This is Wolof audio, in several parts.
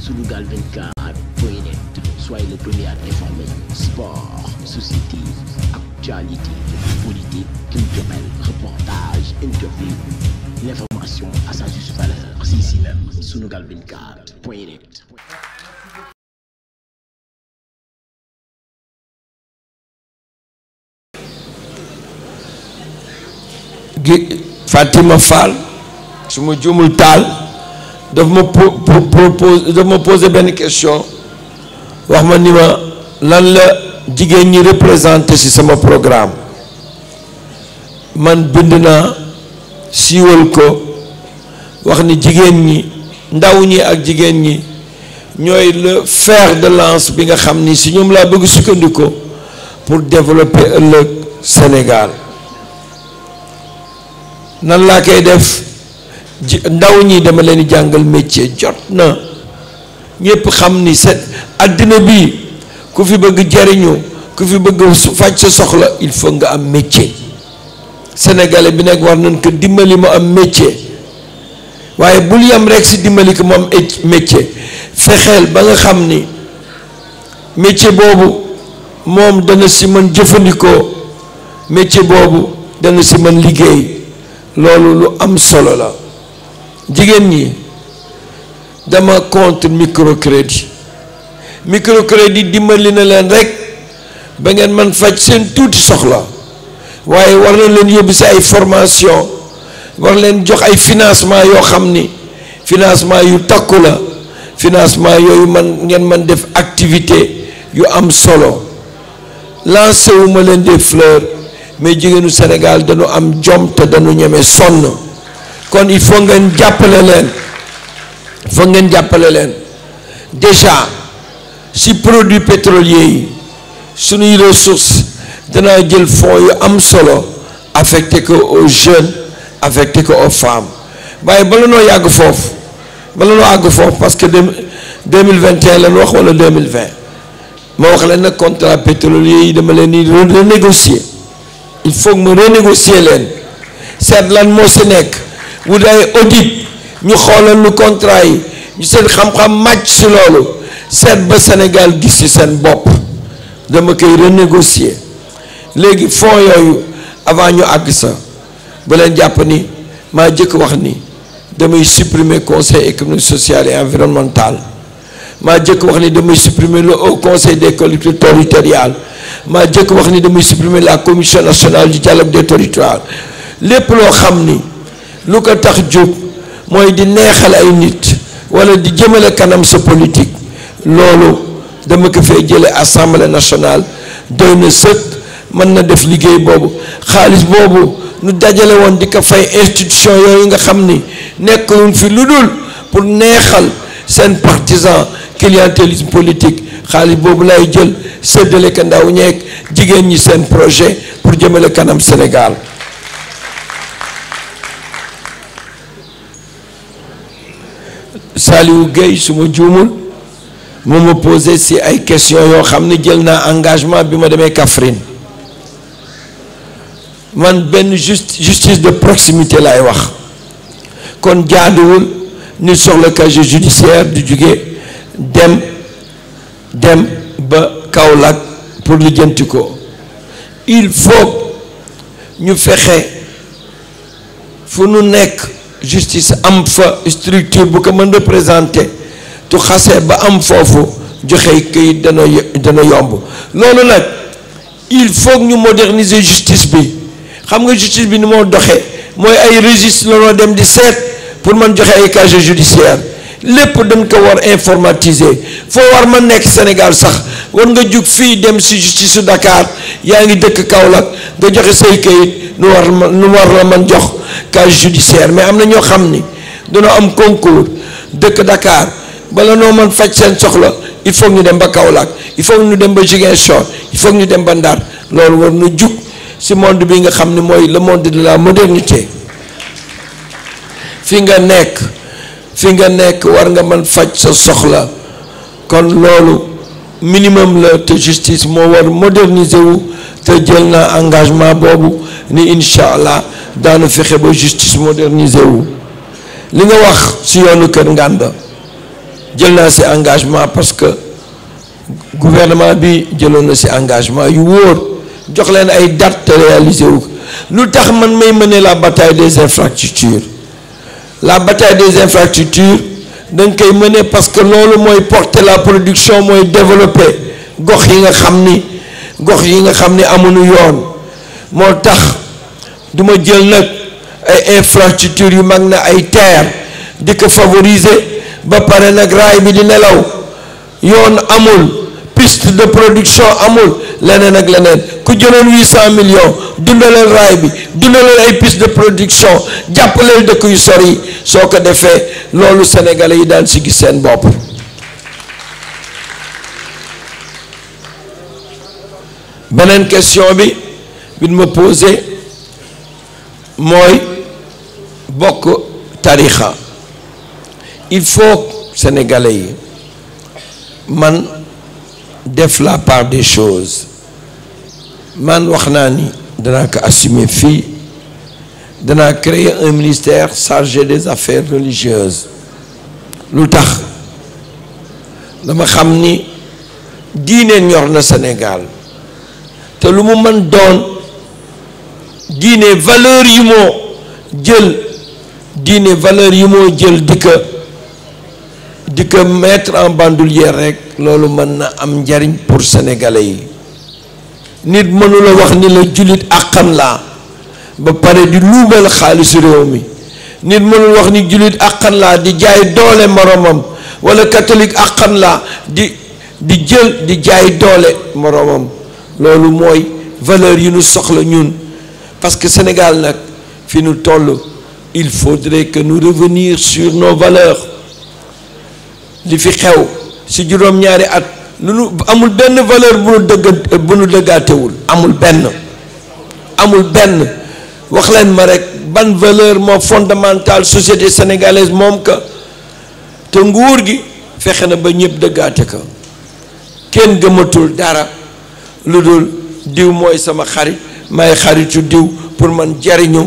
sunugal24.net soyez le premier à informer sport société actualité politique culturelle interview l'information à sa juste valeur c'est ici même sunugal24.net gi Fatima Fall su ma jumul daf ma propose daf ma posé benn question wax ma ni ma lan la jigéen ñi représenté si sama programme man bind naa siiwal ko wax ni jigéen ñi ndaw ñi ak jigéen ñi ñooy le fer de lance bi nga xam ni si ñoom laa bëgg sukkandiku pour développer ëllëg Sénégal nan laa koy def ndaw ñi dama leen jàngal métier jot na ñépp xam ni sa àddina bi ku fi bëgg jariñu ku fi bëgg faj sa soxla il faut nga am métier sénégalais bi nekk war nañ ko dimbali mu am métier waaye bul yam rekk si dimbali ko mu am métier fexeel ba nga xam ni métier boobu moom dana si man jëfandikoo métier boobu dana si mën liggéey loolu lu am solo la jigéen ñi dama compte microcrédit microcrédit dimbali na leen rek ba ngeen man faj seen tuuti soxla waaye war na leen yóbbu si ay formation war leen jox ay financement yoo xam ni financement yu takku la financement yooyu man ngeen man def activité yu am solo lancé wu leen des fleur mais jigéenu Sénégal dañu am jom te dañu ñeme sonn kon il faut ngeen jàppale leen il ngeen jàppale leen déjà si produits pétroliers yi suñuy ressources danaa jël fonds yu am solo affecté ko aux jeunes affecté ko aux femmes waaye bala noo yàgg foofu bala noo àgg foofu parce que deux mille vingt et la lañ wax wala deux mille vingt ma wax leen nag contrat pétrolier yi dama leen di renégocier il faut que ma renégocier leen seet lan moo si nekk. wut ay audit ñu xoolal lu contrat yi ñu seen xam-xam màcc si loolu seet ba Sénégal gis ci seen bopp dama koy renégocier léegi fonds yooyu avant ñu àgg sa bu leen jàpp ni maa jëkk wax ni damay supprimer conseil économique social et environnemental maa jëkk wax ni damay supprimer le haut conseil des collectivités territoriales maa jëkk wax ni damay supprimer la commission nationale du dialogue des territoires lépp loo xam ni lu ko tax jóg mooy di neexal ay nit wala di jëmale kanam sa politique loolu dama ko fee jële assemblée nationale doy na sët mën na def liggéey boobu xaalis boobu nu dajale woon di ko fay institution yooyu nga xam ni nekkuñ fi lu dul pour neexal seen partisan clientélisme politique xaalis boobu lay jël séddale ko ndaw ñeeg jigéen ñi seen projet pour jëmale kanam Sénégal Saliou Gueye su ma juumul moom ma posé si ay questions yoo xam ne jël naa engagement bi ma demee Kaffrine man benn juste justice de proximité laay wax kon jaaduwul ñu soxla casier judiciaire di jóge dem dem ba Kaolack pour lijjanti ko il faut ñu fexe fu nu nekk. justice am fa structure bu ko mën représenté tu xasee ba am foofu joxe kayit dana dana yomb loolu nag il faut ñu moderniser justice bi xam nga justice bi ni moo doxee mooy ay registre la dem di seet pour man joxe ay casier judiciaire lépp dañ ko war informatiser foo war man nekk Sénégal sax war nga jug fii dem si justice su dakaar yaa ngi dëkk Kaolack nga joxe say kayit nu war nu war la man jox cas judiciaire mais am na ñoo xam ni duna am concours dëkk dakaar bala noo mën faj seen soxla il faut ñu dem ba Kaolack il faut ñu dem ba Ziguinchor il faut ñu dem ba Ndar loolu war na jug si monde bi nga xam ni mooy la monde de la modernité fi nga nekk. fi nga nekk war nga man faj sa soxla kon loolu minimum la te justice moo war moderniser wu te jël naa engagement boobu ni incha allah daanu fexe ba justice moderniser wu li nga wax si yoonu Kër Nganda jël naa si engagement parce que gouvernement bi jëloon na si engagement yu wóor jox leen ay date te réaliser lu tax man may mener la bataille des infrastructures la bataille des infrastructures dañ koy mëne parce que loolu mooy porter la production mooy développer gox yi nga xam ni gox yi nga xam ni amuñu yoon moo tax duma jël nag ay infrastructures yu mag na ay terre di ko favoriser ba pare nag raay bi di nelaw yoon amul piste de production amul leneen ak leneen ku jëloon huit cent million dundaleel raay bi dundaleel ay piste de production jàppaleel dëkk yu yi soo ko defee loolu sénégalais yi daan si gis seen bopp beneen question bi bi ma posé mooy bokk tarixa il faut sénégalais yi man def la part des choses man wax naa ni danaa ko fii danaa créer un ministère chargé des affaires religieuses lu tax dama xam ni diine ñor na Sénégal te lu mu mën doon diine valeur yi moo jël diine valeur yi moo jël di ko di ko mettre en bandoulière rek loolu mën na am njariñ pour sénégalais yi nit mënula wax ni la jullit àqam laa ba pare di luubal xaalisu réew mi nit mënul wax ni jullit àqan laa di jaay doole moroomam wala katolik àqan laa di di jël di jaay doole moroomam loolu mooy valeur yi ñu soxla ñun parce que Sénégal nag fi ñu toll il faut que nous revenir sur nos valeurs li fi xew si juróom-ñaari at lu nu amul benn valeur bu nu dëgg bu nu dëggaatewul amul benn amul benn wax leen ma rek ban valeur moo fondamentale société sénégalaise moom ka te nguur gi fexe na ba ñëpp dëggaate ko kenn gëmatul dara lu dul diw mooy sama xarit may xaritu diw pour man jariñu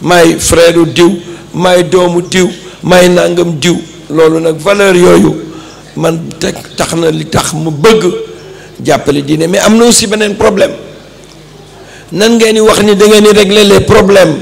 may frère diw may doomu diw may nangam diw loolu nag valeur yooyu man teg tax na li tax mu bëgg jàppale diine mais am na aussi beneen problème nan ngeen di wax ni da ngeen di régler les problèmes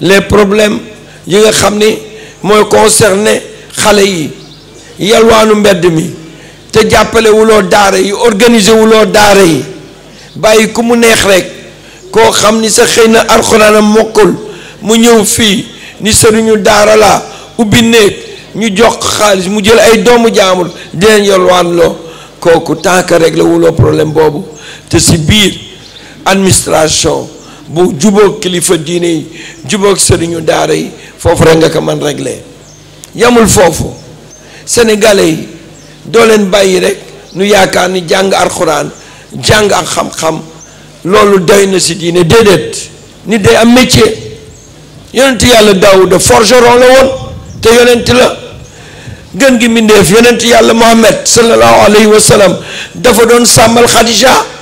les problèmes yi nga xam ni mooy concerné xale yi yalwaanu mbedd mi te jàppalewuloo daara yi organiser wuloo daara yi bàyyi ku mu neex rek koo xam ni sa xëy na alxuraanam mokkul mu ñëw fii ni sëriñu daara la ubbi néeg ñu jox xaalis mu jël ay doomu jaamul di leen yalwaan kooku tànk que problème boobu te si biir administration bu jubóog kilifa diine yi jubóog sëriñu daara yi foofu rek nga ko man régler yamul foofu sénégalais yi doo leen bàyyi rekk nu yaakaar ni jàng alxuraan jàng ak xam-xam loolu doy na si diine déedéet nit day am métier yonent yàlla daawuda forgeron la woon te yonent la gën gi mbindéef yonent yàlla Muhammad sallallahu alayhi wa dafa doon sàmmal Xadija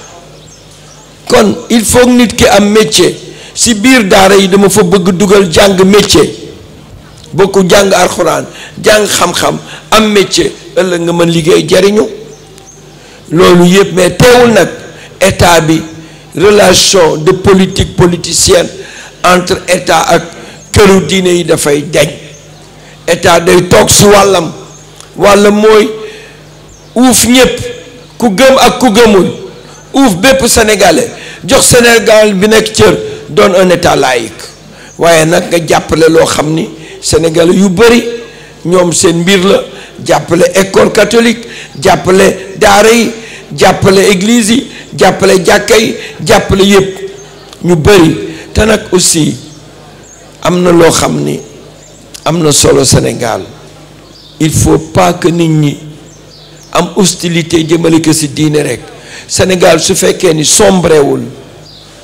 kon il faut nit ki am métier si biir daara yi dama fa bëgg dugal jàng métier bokku jàng alxuraan jàng xam-xam am métier ëllëg nga mën liggéey jariñu loolu yëpp mais teewul nag état bi relation de politique politicienne entre état ak këru diine yi dafay dañ état day toog si wàllam wàllam mooy uuf ñépp ku gëm ak ku gëmul uuf bépp sénégalais jox Sénégal bi nekk cër doon un état laïque waaye nag nga jàppale loo xam ni sénégalais yu bëri ñoom seen mbir la jàppale école catholique jàppale daara yi jàppale église yi jàppale jàkka yi jàppale yépp ñu bëri te nag aussi am na loo xam ni am na solo Sénégal il faut pas que nit ñi am hostilité jëmale ko ci diine rek Sénégal su fekkee ni sombrewul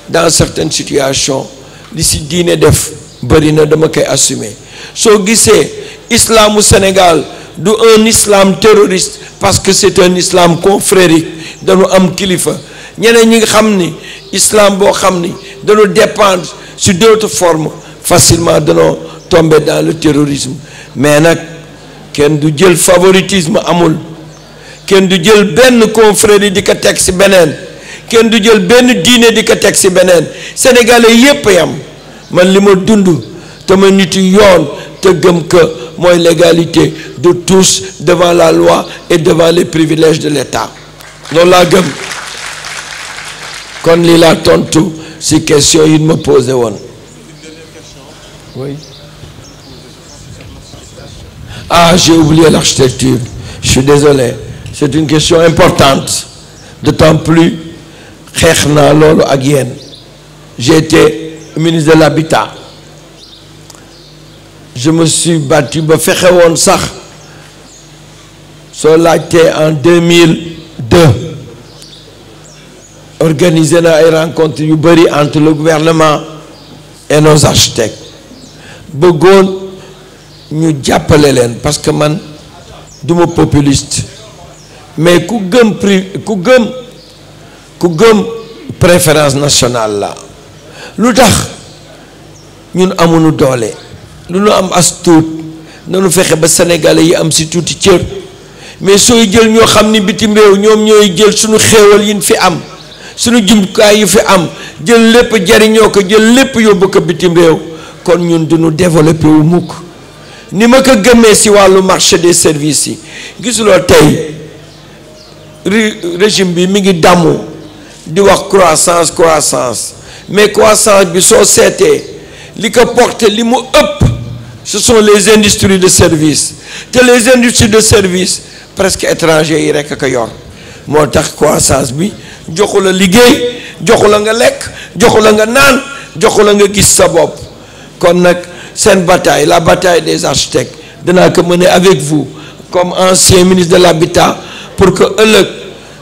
dans certaines situations li si diine def bëri na dama koy assumer soo gisee islaamu Sénégal du un islam terroriste parce que c'est un islam confrérique dañu am kilifa ñeneen ñi nga xam ni islam boo xam ni dañu dépendre su d'autres forme facilement dañoo tomber dans le terrorisme mais nag kenn du jël favoritisme amul kenn du jël benn confrérie di ko teg ci beneen kenn du jël benn diine di ko teg ci beneen sénégalais yépp yam man li ma dund te ma nitu yoon te gëm que mooy l'égalité de tous devant la loi et devant les privilèges de l'État loolu laa gëm kon li laa tontu ci question yi ma posé woon ah j'ai oublié l'architecture je désolé c'est une question importante d'autant plus xeex naa loolu ak yéen j'ai été ministre de l'habitat je me suis battu ba fexe woon sax soo laajtee en 2002 organiser na ay rencontres yu bëri entre le gouvernement et nos architectes bëggoon ñu jàppale leen parce que man duma populiste mais ku gëm pri ku gëm ku gëm préférence nationale la lu tax ñun amuñu doole lu nu am as na nanu fexe ba sénégalais yi am si tuuti cër mais sooy jël ñoo xam ni bitim réew ñoom ñooy jël suñu xéewal yi fi am suñu jumtukaay yi fi am jël lépp jariñoo ko jël lépp yóbbu ko bitim réew kon ñun duñu développé wu mukk ni ma ko gëmee si wàllu marché des services yi gisuloo tey régime bi mu ngi damu di wax croissance croissance mais croissance bi soo seetee li ko porté li mu ëpp ce sont les industries de service te les industries de service presque étrangers yi rekk a ko yor moo tax croissance bi joxu la liggéey joxu la nga lekk joxu la nga naan joxu la nga gis sa bopp kon nag seen bataille la bataille des architectes danaa ko mener avec vous comme ancien ministre de l'habitat pour que ëllëg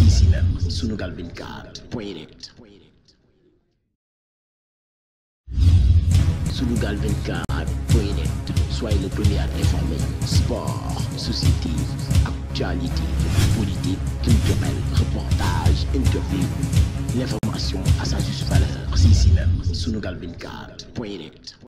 sii si la Sunugal 24 point net Sunugal 24 point net soyez le reportage interview l'information à sa juste valeur sii si la Sunugal 24 point net